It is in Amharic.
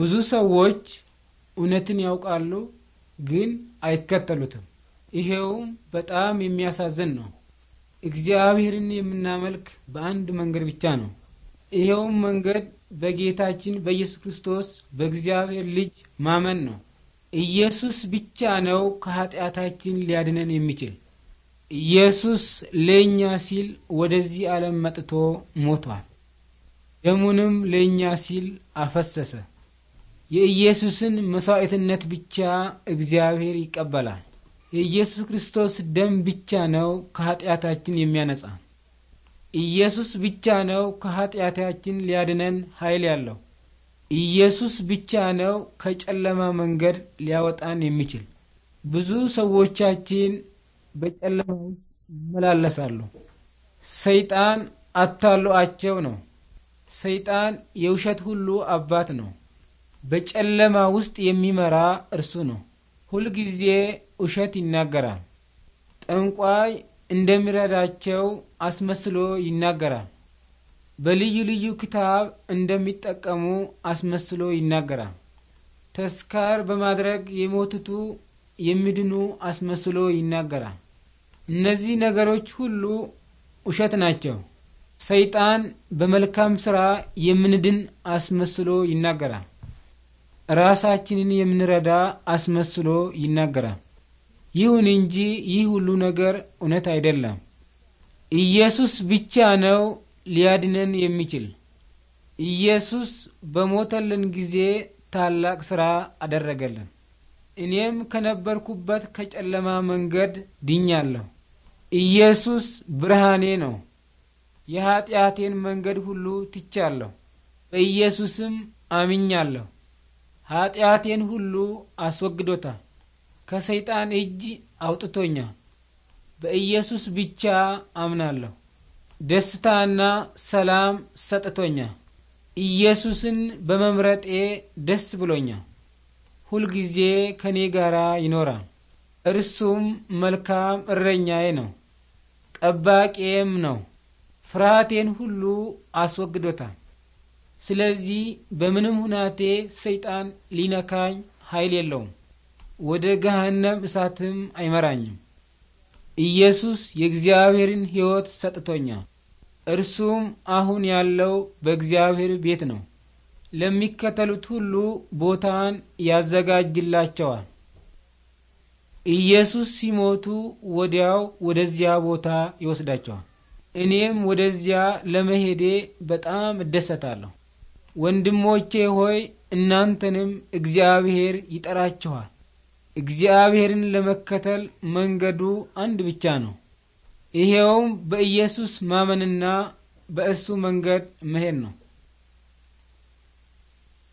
ብዙ ሰዎች እውነትን ያውቃሉ ግን አይከተሉትም። ይሄውም በጣም የሚያሳዝን ነው። እግዚአብሔርን የምናመልክ በአንድ መንገድ ብቻ ነው። ይሄውም መንገድ በጌታችን በኢየሱስ ክርስቶስ በእግዚአብሔር ልጅ ማመን ነው። ኢየሱስ ብቻ ነው ከኃጢአታችን ሊያድነን የሚችል። ኢየሱስ ለእኛ ሲል ወደዚህ ዓለም መጥቶ ሞቷል። ደሙንም ለእኛ ሲል አፈሰሰ። የኢየሱስን መሥዋዕትነት ብቻ እግዚአብሔር ይቀበላል። የኢየሱስ ክርስቶስ ደም ብቻ ነው ከኀጢአታችን የሚያነጻ። ኢየሱስ ብቻ ነው ከኀጢአታችን ሊያድነን ኃይል ያለው። ኢየሱስ ብቻ ነው ከጨለማ መንገድ ሊያወጣን የሚችል። ብዙ ሰዎቻችን በጨለማ ይመላለሳሉ። ሰይጣን አታሉአቸው ነው። ሰይጣን የውሸት ሁሉ አባት ነው። በጨለማ ውስጥ የሚመራ እርሱ ነው። ሁልጊዜ ውሸት ይናገራል። ጠንቋይ እንደሚረዳቸው አስመስሎ ይናገራል። በልዩ ልዩ ክታብ እንደሚጠቀሙ አስመስሎ ይናገራል። ተስካር በማድረግ የሞትቱ የሚድኑ አስመስሎ ይናገራል። እነዚህ ነገሮች ሁሉ ውሸት ናቸው። ሰይጣን በመልካም ስራ የምንድን አስመስሎ ይናገራል። ራሳችንን የምንረዳ አስመስሎ ይናገራል። ይሁን እንጂ ይህ ሁሉ ነገር እውነት አይደለም። ኢየሱስ ብቻ ነው ሊያድነን የሚችል። ኢየሱስ በሞተልን ጊዜ ታላቅ ሥራ አደረገልን። እኔም ከነበርኩበት ከጨለማ መንገድ ድኛለሁ። ኢየሱስ ብርሃኔ ነው። የኀጢአቴን መንገድ ሁሉ ትቻለሁ፣ በኢየሱስም አምኛለሁ። ኀጢአቴን ሁሉ አስወግዶታል። ከሰይጣን እጅ አውጥቶኛል። በኢየሱስ ብቻ አምናለሁ። ደስታና ሰላም ሰጥቶኛል። ኢየሱስን በመምረጤ ደስ ብሎኛል። ሁልጊዜ ከኔ ጋር ይኖራል። እርሱም መልካም እረኛዬ ነው፣ ጠባቂዬም ነው። ፍርሃቴን ሁሉ አስወግዶታል። ስለዚህ በምንም ሁናቴ ሰይጣን ሊነካኝ ኃይል የለውም፣ ወደ ገሃነም እሳትም አይመራኝም። ኢየሱስ የእግዚአብሔርን ሕይወት ሰጥቶኛል። እርሱም አሁን ያለው በእግዚአብሔር ቤት ነው። ለሚከተሉት ሁሉ ቦታን ያዘጋጅላቸዋል። ኢየሱስ ሲሞቱ ወዲያው ወደዚያ ቦታ ይወስዳቸዋል። እኔም ወደዚያ ለመሄዴ በጣም እደሰታለሁ። ወንድሞቼ ሆይ እናንተንም እግዚአብሔር ይጠራችኋል። እግዚአብሔርን ለመከተል መንገዱ አንድ ብቻ ነው። ይሄውም በኢየሱስ ማመንና በእሱ መንገድ መሄድ ነው።